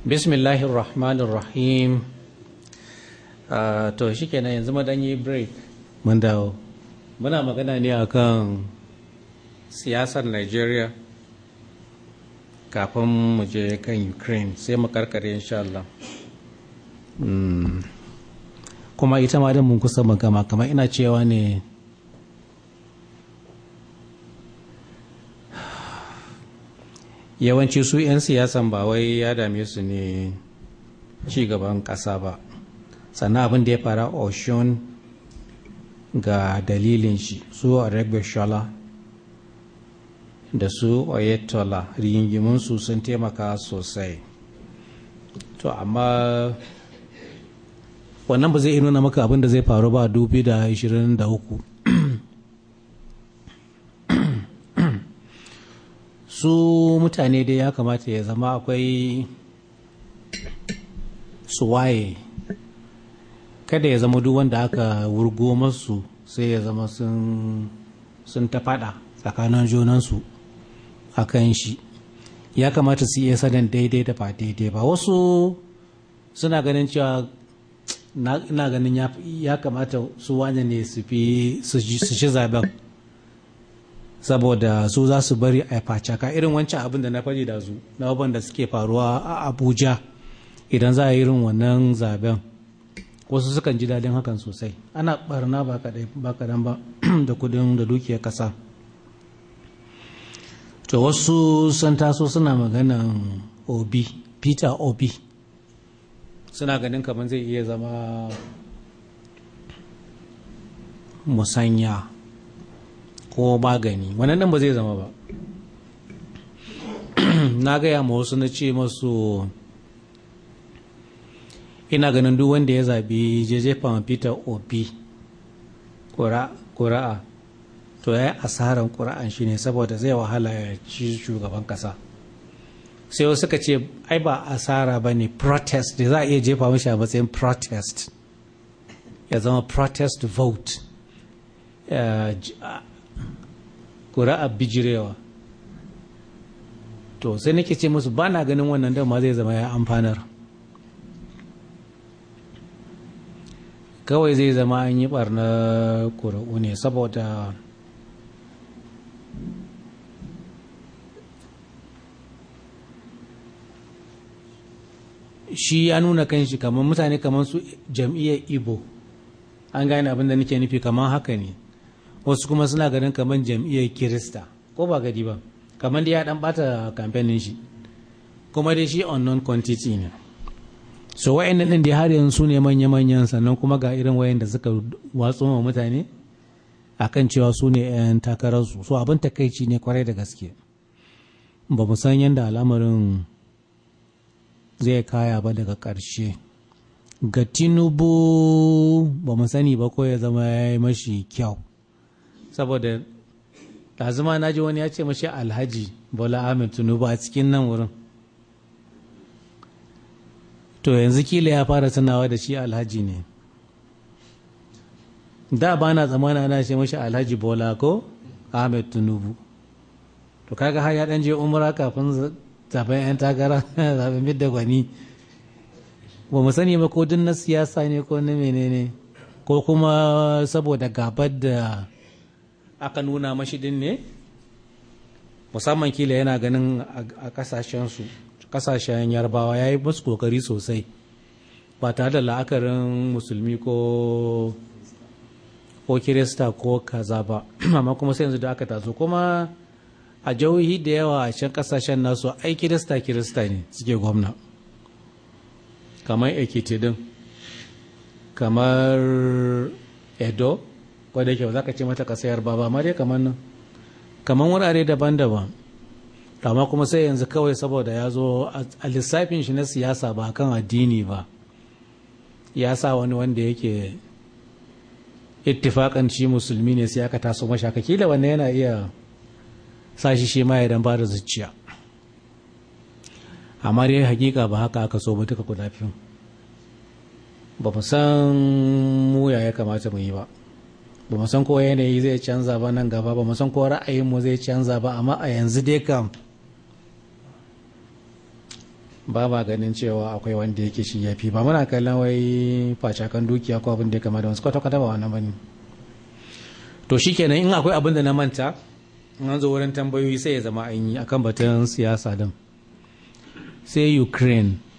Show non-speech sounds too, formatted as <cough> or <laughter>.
bismillahir rahmanir rahim ah, to shikenan yanzu mu yi break mun dawo muna magana ne akan siyasar Najeriya kafin mu je kan Ukraine sai mu karkare insha Allah hmm. kuma ita ma da mun kusa magama kamar ina cewa ne yawanci su 'yan siyasan ba wai ya dame su ne ci gaban ƙasa ba sannan abin da ya fara ocean ga dalilin shi su oregbeshola da su oyetola su sun taimaka sosai to amma wannan ba zai nuna maka abin da zai faru ba dubi da su mutane dai ya kamata ya zama akwai su waye kada ya zama duk wanda aka wurgo masu sai ya zama sun ta fada tsakanin junansu a kan shi ya kamata su iya sanin daidai da ba daidai ba wasu suna ganin cewa na ganin ya kamata su wane ne su fi su ci zaben saboda su za su bari a facaka irin wancan abin da na faɗi da su na abubuwan da suke faruwa a abuja idan za a yi irin wannan zaben wasu sukan ji daɗin hakan sosai ana barna ba kaɗan ba <clears throat> da kudin da dukiya ƙasa to wasu sun taso suna maganan obi peter obi suna ganin kamar zai iya zama musanya ko magani wannan nan ba zai zama ba <clears throat> na gaya ma wasu na ce masu ina ganin duk wanda ya zabi jeje peter obi ƙura'a to ya yi asarar ƙura'an shi ne saboda zai wahala ya ci shugaban ƙasa sai wasu suka ce ai ba asara ba ne protest da za a iya jefa mashi a matsayin protest ya zama protest vote ƙura'a bijirewa to sai nake ce musu ba na ganin wannan dama zai zama ya amfanar kawai zai zama an yi barna ƙura'u ne saboda shi ya nuna kanshi kamar mutane kamar su jam'iyyar ibo an gane abin da nake nufi kamar haka ne wasu kuma suna ganin kamar jam'iyyar kirista ko ba gadi ba kamar da ya dan bata kamfanin shi kuma dai shi on non quantity ne so wa'annan din da har yanzu ne manya-manyan sannan kuma ga irin wayan da suka watsu ma mutane akan cewa su ne 'yan takararsu so abin takaici ne kwarai da gaske ba mu san yadda al'amarin zai kaya ba daga ƙarshe ga tinubu ba mu sani ba ko ya zama ya yi mashi kyau saboda ɗazuma na ji wani ya ce mashi alhaji bola ahmed Tunubu a cikin nan wurin to yanzu kila ya fara sanawa da shi alhaji ne da ba na zamana na ce mashi alhaji bola ko ahmed Tunubu to kaga har ya dan je umra kafin zaben yan takara <laughs> zaben bidda gwani ba mu sani ba ko duk na siyasa ne ko na menene ko kuma saboda gabar da aka nuna mashi din ne musamman kila yana ganin a kasashensu kasashen yarbawa ya yi musu kokari sosai ba tare da la'akarin musulmi ko ko kirista ko kaza ba <clears throat> amma kuma sai yanzu da aka taso kuma a jauhi da yawa a can kasashen nasu ai kirista kirista ne suke gwamna kamar ekiti din kamar edo kwada da yake za ka ce mata ka sayar ba ba ma dai kamar nan kamar wurare daban-daban amma kuma sai yanzu kawai saboda ya zo a lissafin shi na siyasa ba kan addini ba ya sa wani wanda yake ittifakan shi musulmi ne sai aka taso masha kila wanne yana iya sa shi ma ya dan bada zuciya amma dai hakika ba haka aka so ba duka guda ba mu san mu ya kamata mu yi ba ba mu san ko yanayi zai canza ba nan gaba ba mu san ko mu zai canza ba amma a yanzu dai kam ba ba ganin cewa akwai wanda yake shi ya ba muna kallon wai facakan dukiya ko abin da ya kama da wasu kwata-kwata ba wannan bane to kenan in akwai abin da na manta in an zo wurin tambayoyi sai ya zama an yi akan batun siyasa din sai ukraine